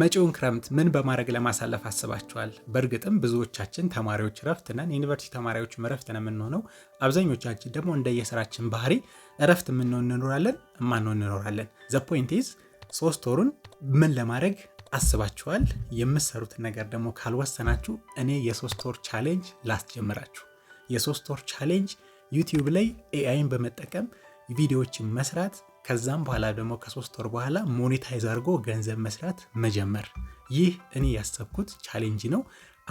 መጪውን ክረምት ምን በማድረግ ለማሳለፍ አስባችኋል? በእርግጥም ብዙዎቻችን ተማሪዎች እረፍት ነን፣ የዩኒቨርሲቲ ተማሪዎች እረፍት ነን የምንሆነው። አብዛኞቻችን ደግሞ እንደየስራችን ባህሪ እረፍት የምንሆን እንኖራለን፣ እማንሆን እንኖራለን። ዘ ፖይንት ኢዝ ሶስት ወሩን ምን ለማድረግ አስባችኋል? የምሰሩትን ነገር ደግሞ ካልወሰናችሁ እኔ የሶስት ወር ቻሌንጅ ላስጀምራችሁ። የሶስት ወር ቻሌንጅ ዩቲዩብ ላይ ኤአይን በመጠቀም ቪዲዮዎችን መስራት ከዛም በኋላ ደግሞ ከሶስት ወር በኋላ ሞኔታይዝ አድርጎ ገንዘብ መስራት መጀመር። ይህ እኔ ያሰብኩት ቻሌንጅ ነው።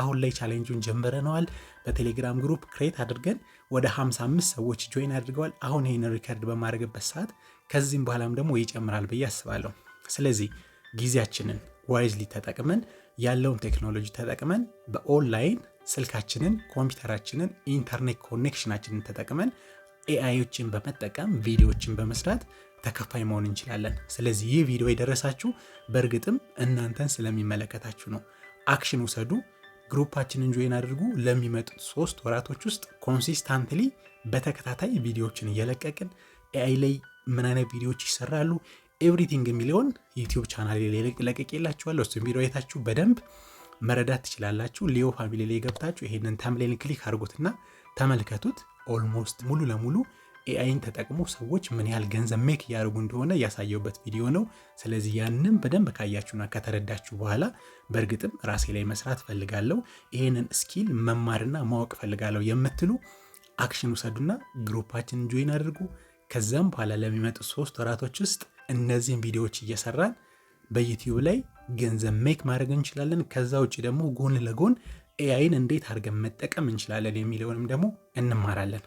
አሁን ላይ ቻሌንጁን ጀምረነዋል። በቴሌግራም ግሩፕ ክሬት አድርገን ወደ 55 ሰዎች ጆይን አድርገዋል። አሁን ይህን ሪከርድ በማድረግበት ሰዓት ከዚህም በኋላም ደግሞ ይጨምራል ብዬ አስባለሁ። ስለዚህ ጊዜያችንን ዋይዝሊ ተጠቅመን ያለውን ቴክኖሎጂ ተጠቅመን በኦንላይን ስልካችንን፣ ኮምፒውተራችንን፣ ኢንተርኔት ኮኔክሽናችንን ተጠቅመን ኤአዮችን በመጠቀም ቪዲዮዎችን በመስራት ተከፋይ መሆን እንችላለን። ስለዚህ ይህ ቪዲዮ የደረሳችሁ በእርግጥም እናንተን ስለሚመለከታችሁ ነው። አክሽን ውሰዱ። ግሩፓችንን ጆይን አድርጉ። ለሚመጡት ሶስት ወራቶች ውስጥ ኮንሲስታንትሊ በተከታታይ ቪዲዮዎችን እየለቀቅን ኤአይ ላይ ምን አይነት ቪዲዮዎች ይሰራሉ ኤቭሪቲንግ የሚለውን ዩቲዩብ ቻናል ላይ ለቅቄላችኋለሁ። እሱም ቪዲዮ አይታችሁ በደንብ መረዳት ትችላላችሁ። ሊዮ ፋሚሊ ላይ ገብታችሁ ይሄንን ተምሌን ክሊክ አድርጉትና ተመልከቱት። ኦልሞስት ሙሉ ለሙሉ ኤአይን ተጠቅሞ ሰዎች ምን ያህል ገንዘብ ሜክ እያደረጉ እንደሆነ ያሳየውበት ቪዲዮ ነው። ስለዚህ ያንን በደንብ ካያችሁና ከተረዳችሁ በኋላ በእርግጥም ራሴ ላይ መስራት ፈልጋለሁ፣ ይህንን ስኪል መማርና ማወቅ ፈልጋለሁ የምትሉ አክሽን ውሰዱና ግሩፓችን ጆይን አድርጉ። ከዛም በኋላ ለሚመጡ ሶስት ወራቶች ውስጥ እነዚህን ቪዲዮዎች እየሰራን በዩቲዩብ ላይ ገንዘብ ሜክ ማድረግ እንችላለን። ከዛ ውጭ ደግሞ ጎን ለጎን ኤአይን እንዴት አድርገን መጠቀም እንችላለን የሚለውንም ደግሞ እንማራለን።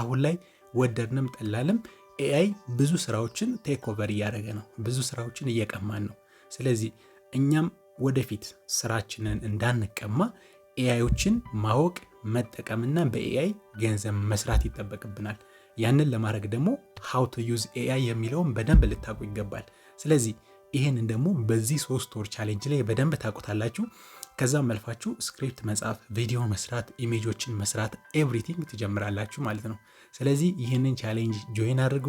አሁን ላይ ወደድንም ጠላልም ኤአይ ብዙ ስራዎችን ቴክ ኦቨር እያደረገ ነው። ብዙ ስራዎችን እየቀማን ነው። ስለዚህ እኛም ወደፊት ስራችንን እንዳንቀማ ኤአይዎችን ማወቅ መጠቀምና በኤአይ ገንዘብ መስራት ይጠበቅብናል። ያንን ለማድረግ ደግሞ ሃው ቱ ዩዝ ኤአይ የሚለውን በደንብ ልታውቁ ይገባል። ስለዚህ ይህንን ደግሞ በዚህ ሶስት ወር ቻሌንጅ ላይ በደንብ ታውቁታላችሁ። ከዛም መልፋችሁ ስክሪፕት መጻፍ፣ ቪዲዮ መስራት፣ ኢሜጆችን መስራት ኤቭሪቲንግ ትጀምራላችሁ ማለት ነው። ስለዚህ ይህንን ቻሌንጅ ጆይን አድርጉ፣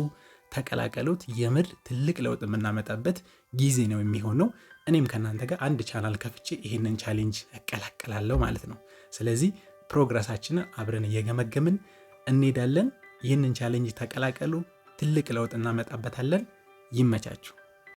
ተቀላቀሉት። የምር ትልቅ ለውጥ የምናመጣበት ጊዜ ነው የሚሆነው። እኔም ከእናንተ ጋር አንድ ቻናል ከፍቼ ይህንን ቻሌንጅ እቀላቀላለሁ ማለት ነው። ስለዚህ ፕሮግረሳችንን አብረን እየገመገምን እንሄዳለን። ይህንን ቻሌንጅ ተቀላቀሉ፣ ትልቅ ለውጥ እናመጣበታለን። ይመቻችሁ።